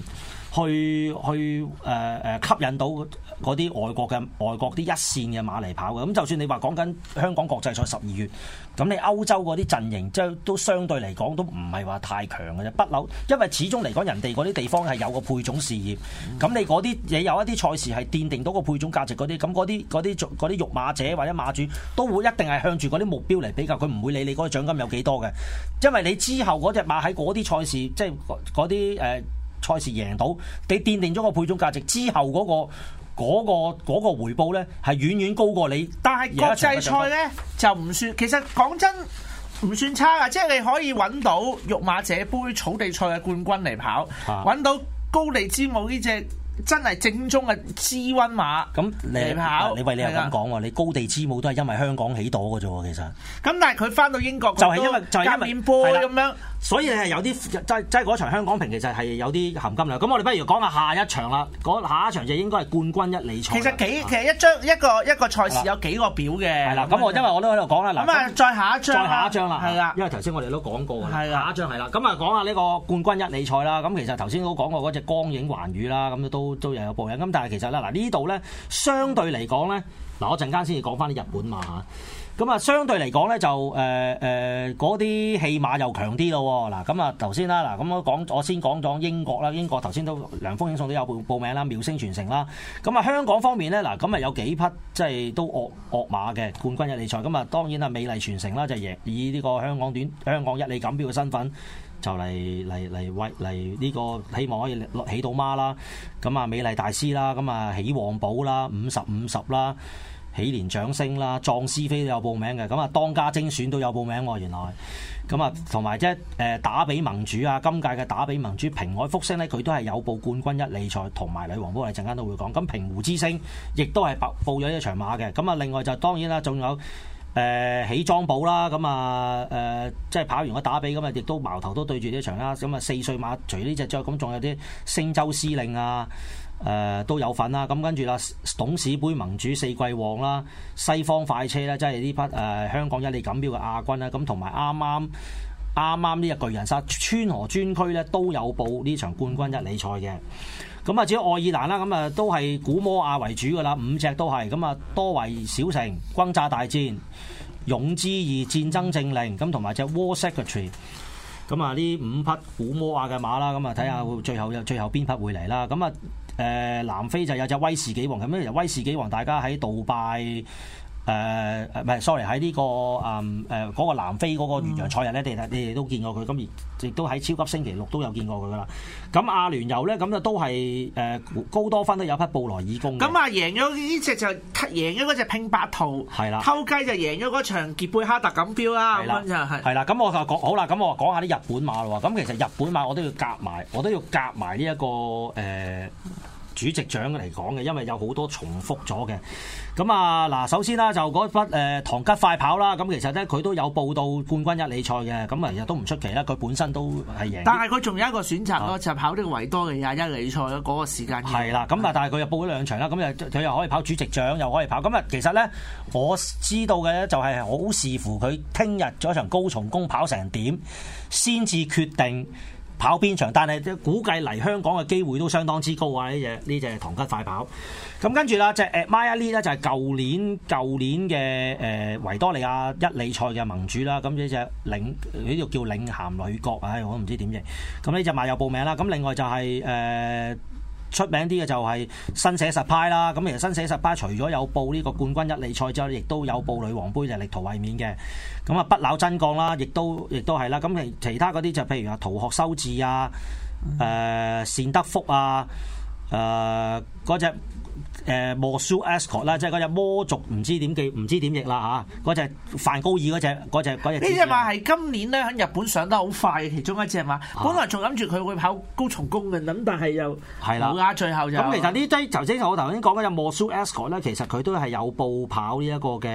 去去誒誒吸引到嗰啲外國嘅外國啲一線嘅馬嚟跑嘅，咁就算你話講緊香港國際賽十二月，咁你歐洲嗰啲陣營即係都相對嚟講都唔係話太強嘅啫。不嬲，因為始終嚟講，人哋嗰啲地方係有個配種事業，咁你嗰啲嘢有一啲賽事係奠定到個配種價值嗰啲，咁嗰啲嗰啲啲育馬者或者馬主都會一定係向住嗰啲目標嚟比較，佢唔會理你嗰個獎金有幾多嘅，因為你之後嗰隻馬喺嗰啲賽事即係嗰啲誒。呃賽事贏到，你奠定咗個配種價值之後、嗰個，嗰、嗰個嗰、嗰個、回報咧，係遠遠高過你。但係國際賽咧就唔算，其實講真唔算差噶，即係你可以揾到育馬者杯草地賽嘅冠軍嚟跑，揾、啊、到高地之舞呢隻真係正，正，正宗嘅 G1 馬。咁嚟跑，你喂跑你又咁講喎？你，你，的你高地之舞都係因為香港起朵嘅啫喎，其實。咁但係佢翻到英國，就係因為就係、因為咁、就係、樣。所以係有啲即係即係嗰場香港平，其實係有啲含金量。咁我哋不如講下下一場啦。嗰下一場就應該係冠軍一哩賽。其實幾吧其實一張一個一個賽事有幾個表嘅。係啦吧，咁吧我因為我都喺度講啊。咁啊吧，再下一張再下一張啦。係啦。因為頭先我哋都講過啊。係啦。下一張係啦。咁啊，講下呢個冠軍一哩賽啦。咁其實頭先都講過嗰隻光影環宇啦。咁都都有報名。咁但係其實咧，嗱呢度咧，相對嚟講咧，嗱我陣間先要講返啲日本馬。咁啊，相對嚟講咧，就誒誒嗰啲戲碼又強啲咯，嗱咁啊頭先啦，嗱咁我講，我先講咗英國啦，英國頭先都涼風輕送都有報報名啦，妙星傳承啦，咁啊香港方面咧，嗱咁啊有幾匹即係都惡惡馬嘅冠軍一哩賽，咁啊當然啊美麗傳承啦就贏以呢個香港短香港一哩錦標嘅身份就嚟嚟嚟為嚟呢個希望可以起到馬啦，咁啊美麗大師啦，咁啊起王寶啦，五十五十啦。起連掌聲啦，壯思飛都有報名嘅，咁啊當家精選都有報名喎、啊，原來，咁啊同埋即係誒打比盟主啊，今屆嘅打比盟主平海福星呢，佢都係有報冠軍一哩賽同埋女皇盃，我哋陣間都會講。咁平湖之星亦都係報報咗呢場馬嘅，咁啊另外就當然、呃、啦，仲有誒起莊寶啦，咁啊誒即係跑完個打比咁啊，亦都矛頭都對住呢場啦。咁啊四歲馬除呢隻之外，咁仲有啲星州司令啊。誒都有份啦，咁跟住啦，董事杯盟主四季王啦，西方快車咧，即係呢匹誒、呃、香港一哩錦標嘅亞軍啦，咁同埋啱啱啱啱呢隻巨人殺川河專區咧都有報呢場冠軍一哩賽嘅，咁啊至於愛爾蘭啦，咁啊都係古摩亞為主噶啦，五隻都係，咁啊多為小城轟炸大戰勇之二戰爭政令，咁同埋隻 War Secretary 咁啊呢五匹古摩亞嘅馬啦，咁啊睇下最後有最後邊匹會嚟啦，咁啊～誒南非就有隻威士忌王，咁威士忌王大家喺杜拜。誒唔係，sorry 喺呢個誒嗰，嗯呃嗰個南非嗰個原羊賽日咧，你哋你哋都見過佢，咁亦亦都喺超級星期六都有見過佢噶啦。咁阿聯酋咧，咁就都係誒、呃、高多芬都有匹布萊爾宮。咁啊，贏咗呢隻就贏咗嗰隻拼八兔，係啦，偷雞就贏咗嗰場傑貝哈特錦標啦，咁樣就係，啦，咁我就講好啦，咁我就講下啲日本馬咯喎，咁其實日本馬我都要夾埋，我都要夾埋呢一個誒。呃主席獎嚟講嘅，因為有好多重複咗嘅。咁啊，嗱，首先啦、啊，就嗰筆、呃、唐吉快跑啦。咁其實咧，佢都有報到冠軍一理賽嘅。咁啊，亦都唔出奇啦。佢本身都係贏。但係佢仲有一個選擇咯，啊、就跑啲維多利亞一哩賽咯。嗰、那個時間。係啦，咁啊，但係佢又報咗兩場啦。咁又佢又可以跑主席獎，又可以跑。咁啊，其實咧，我知道嘅就係好視乎佢聽日咗場高松宮跑成點，先至決定。跑邊場？但係估計嚟香港嘅機會都相當之高啊！呢隻呢隻唐吉快跑，咁、嗯、跟住啦，隻誒 Myali 咧就係、是、舊年舊年嘅誒、呃、維多利亞一哩賽嘅盟主啦。咁呢隻領呢度叫領銜女角，啊、哎，我唔知點認。咁呢隻馬又報名啦。咁、嗯、另外就係、是、誒。呃出名啲嘅就係新寫實派啦，咁其實新寫實派除咗有報呢個冠軍一哩賽之外，亦都有報女皇盃就係、力圖衛冕嘅，咁啊不朽真降啦，亦都亦都係啦，咁其其他嗰啲就是、譬如啊逃學修字啊，誒、呃、善德福啊，誒嗰隻。誒莫、嗯、蘇 escort 啦，即係嗰隻魔族唔知點記唔知點譯啦嚇，嗰、啊、隻梵高爾嗰隻隻隻。呢隻話係今年咧喺日本上得好快其中一隻嘛，啊、本來仲諗住佢會跑高松宮嘅，咁但係又冇啦。的最後就咁、e。其實呢啲就先我頭先講嗰隻莫蘇 escort 咧，其實佢都係有報跑呢一個嘅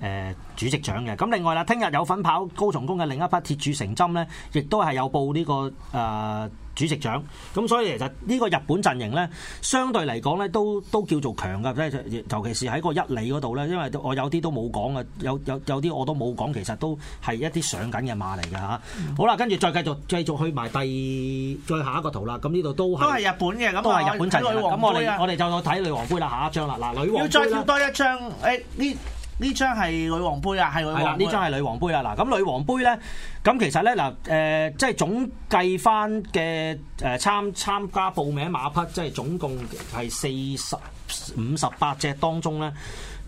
誒主席獎嘅。咁另外啦，聽日有份跑高松宮嘅另一匹鐵柱成針咧，亦都係有報呢、呢個誒。呃主席長，咁所以其實呢個日本陣營咧，相對嚟講咧都都叫做強嘅，即係尤其是喺個一哩嗰度咧，因為我有啲都冇講啊，有有有啲我都冇講，其實都係一啲上緊嘅馬嚟嘅嚇。嗯、好啦，跟住再繼續繼續去埋第再下一個圖啦，咁呢度都都係日本嘅，咁係日本陣營，咁我哋我哋就睇女皇盃啦、啊，下一張啦，嗱女皇盃要再跳多一張誒呢？哎呢張係女皇盃啊，係女皇盃。呢張係女皇盃啊，嗱咁女皇盃咧、啊，咁其實咧嗱，誒、呃，即係總計返嘅誒參參加報名馬匹，即係總共係四十五十八隻當中咧。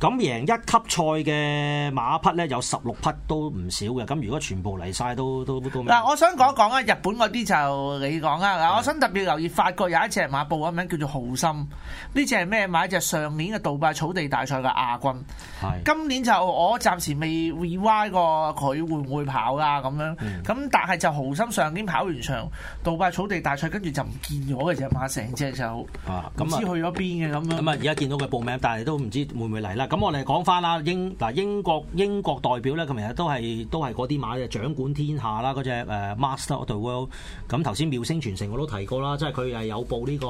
咁贏一級賽嘅馬匹咧有十六匹都唔少嘅，咁、呃、如果全部嚟晒，都都都。嗱，我想講一講啊，日本嗰啲就你講啦。嗱，我想特別留意法國有一隻馬報嘅名叫做豪森。呢隻係咩馬？一隻上年嘅杜拜草地大賽嘅亞軍。係嘅。今年我就我暫時未 rebuy 過佢會唔會跑啦咁樣。咁但係就豪森、嗯、上年跑完場杜拜草地大賽，跟住就唔見咗嘅隻馬，成隻就唔知去咗邊嘅咁樣。咁啊，而家見到佢報名，但係都唔知會唔會嚟啦。咁我哋講翻啦，英、嗱英國、英國代表咧，佢咪日都係都係嗰啲馬咧掌管天下啦，嗰隻誒 Master of the World。咁頭先妙聲傳承我都提過啦，即係佢係有報呢個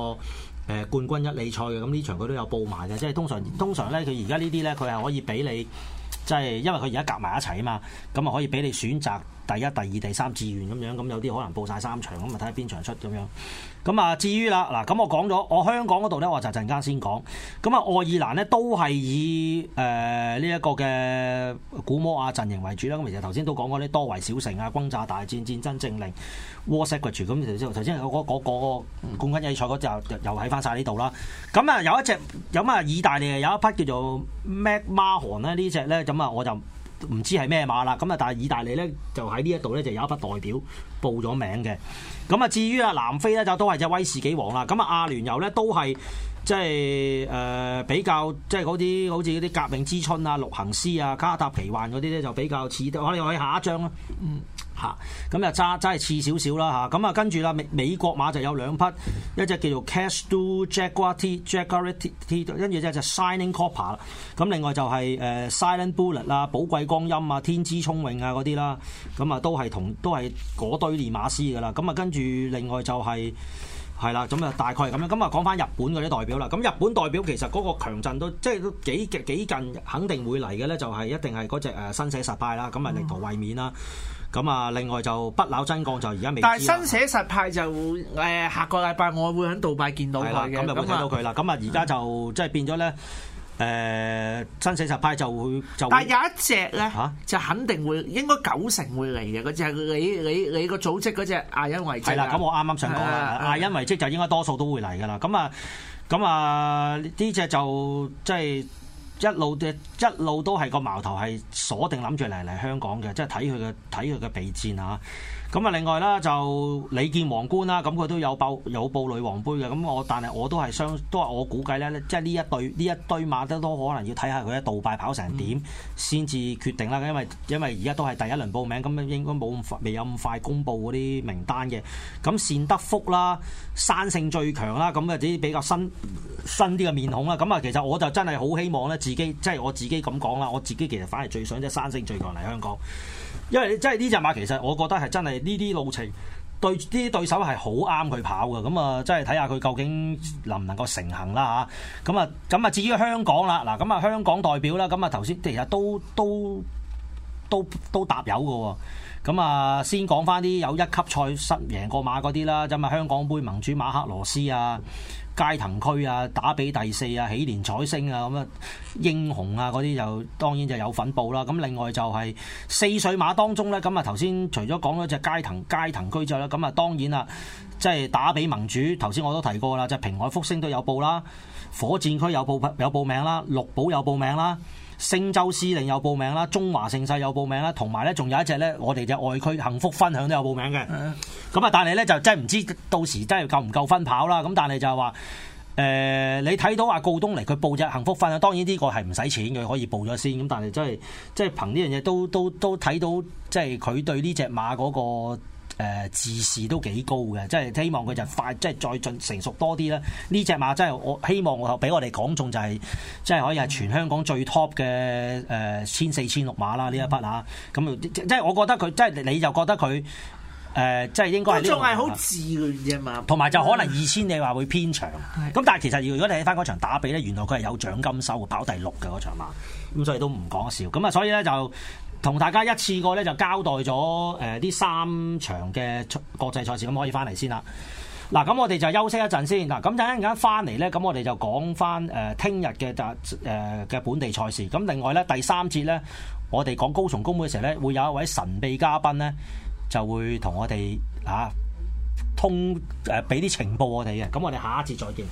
誒冠軍一哩賽嘅，咁呢場佢都有報埋嘅。即係通常通常咧，佢而家呢啲咧，佢係可以俾你，即係因為佢而家夾埋一齊啊嘛，咁啊可以俾你選擇。第一、第二、第三志願咁樣，咁有啲可能報晒三場，咁啊睇下邊場出咁樣。咁啊至於啦，嗱咁我講咗，我香港嗰度咧，我就陣間先講。咁啊愛爾蘭咧都係以誒呢一個嘅古魔啊陣營為主啦。咁其實頭先都講過啲多維小城啊、轟炸大戰、戰爭政令、war、那個那個那個那個、s e c r e t e g y 咁頭先頭先嗰嗰嗰個冠軍比賽嗰隻又喺翻晒呢度啦。咁啊有一隻有啊意大利啊有一匹叫做 Magmar 寒咧呢隻咧，咁啊、這個、我就。唔知係咩馬啦，咁啊但係意大利呢，就喺呢一度呢，就有一筆代表報咗名嘅，咁啊至於啊南非呢，就都係隻威士忌王啦，咁啊阿聯酋呢，都係。即係誒比較，即係啲好似嗰啲革命之春啊、綠行師啊、卡塔奇幻嗰啲咧，就比較似得。我哋可以下一張啦、啊。嗯。嚇、啊，咁又揸真係似少少啦嚇。咁啊，跟住啦，美美國馬就有兩匹，一隻叫做 Cash Do Jaguar，Jaguar，跟住一隻就 Shining Copper 啦。咁另外就係誒 Silent Bullet 啦，寶貴光陰啊，天之聰穎啊嗰啲啦。咁啊，都係同都係嗰堆練馬師噶啦。咁啊，跟住另外就係、是。係啦，咁啊大概係咁樣，咁啊講翻日本嗰啲代表啦。咁日本代表其實嗰個強陣都即係都幾幾近肯定會嚟嘅咧，就係、是、一定係嗰隻誒新寫實派啦，咁啊力圖衛冕啦。咁啊、嗯、另外就不老爭降就而家未。但係新寫實派就誒下個禮拜我會喺杜拜見到佢嘅，咁就見到佢啦。咁啊而家就即係變咗咧。誒新四十派就會就會，但有一隻咧，啊、就肯定會應該九成會嚟嘅嗰隻係你你你個組織嗰隻，啊啊啊、亞欣維積。係啦，咁我啱啱上講啦，亞欣維積就應該多數都會嚟噶啦。咁啊，咁啊，呢隻就即係、就是、一路一路都係個矛頭係鎖定諗住嚟嚟香港嘅，即係睇佢嘅睇佢嘅備戰嚇。啊咁啊，另外啦，就李健王冠啦，咁佢都有報有報女皇盃嘅。咁我但係我都係相都係我估計咧，即係呢一對呢一堆馬得都，都可能要睇下佢喺杜拜跑成點先至決定啦、嗯。因為因為而家都係第一輪報名，咁應該冇咁快，未有咁快公布嗰啲名單嘅。咁善德福啦，山性最強啦，咁啊啲比較新新啲嘅面孔啦。咁啊，其實我就真係好希望咧，自己即係、就是、我自己咁講啦，我自己其實反而最想即係、就是、山性最強嚟香港。因為即係呢隻馬其實我覺得係真係呢啲路程對啲對手係好啱佢跑嘅。咁啊真係睇下佢究竟能唔能夠成行啦吓，咁啊咁啊、嗯、至於香港啦，嗱咁啊、嗯、香港代表啦，咁啊頭先其實都都都都搭有嘅喎。咁啊先講翻啲有一級賽失贏過馬嗰啲啦，咁、嗯、啊香港杯盟主馬克羅斯啊。街騰區啊，打吡第四啊，喜蓮彩星啊，咁啊英雄啊，嗰啲就當然就有份報啦。咁另外就係四歲馬當中呢，咁啊頭先除咗講咗隻街騰街騰區之後呢，咁啊當然啊，即係打吡盟主。頭先我都提過啦，就平海福星都有報啦，火箭區有報有報名啦，綠寶有報名啦。星洲司令有報名啦，中華盛世有報名啦，同埋咧仲有一隻咧，我哋隻外區幸福分享都有報名嘅。咁啊，但係咧就真係唔知到時真係夠唔夠分跑啦。咁但係就係話，誒、呃、你睇到話、啊、告東尼，佢報隻幸福分享，當然呢個係唔使錢嘅，可以報咗先。咁但係真係，即、就、係、是、憑呢樣嘢都都都睇到，即係佢對呢隻馬嗰、那個。誒，自視、呃、都幾高嘅，即係希望佢就快，即係再進成熟多啲啦。呢隻馬真係，我希望我俾我哋講中就係、是，即係可以係全香港最 top 嘅誒、呃，千四千六馬啦呢一匹啊。咁即係我覺得佢，即係你就覺得佢誒、呃，即係應該。呢中係好自然啫嘛。同埋就可能二千，你話會偏長。咁但係其實，如果你喺翻嗰場打比咧，原來佢係有獎金收，跑第六嘅嗰場馬，咁所以都唔講笑。咁啊，所以咧就。同大家一次過咧就交代咗誒呢三場嘅國際賽事，咁可以翻嚟先啦。嗱，咁我哋就休息一陣先。嗱，咁陣間翻嚟咧，咁我哋就講翻誒聽日嘅特誒嘅本地賽事。咁另外咧，第三節咧，我哋講高層公門嘅時候咧，會有一位神秘嘉賓咧就會同我哋啊通誒俾啲情報我哋嘅。咁我哋下一節再見。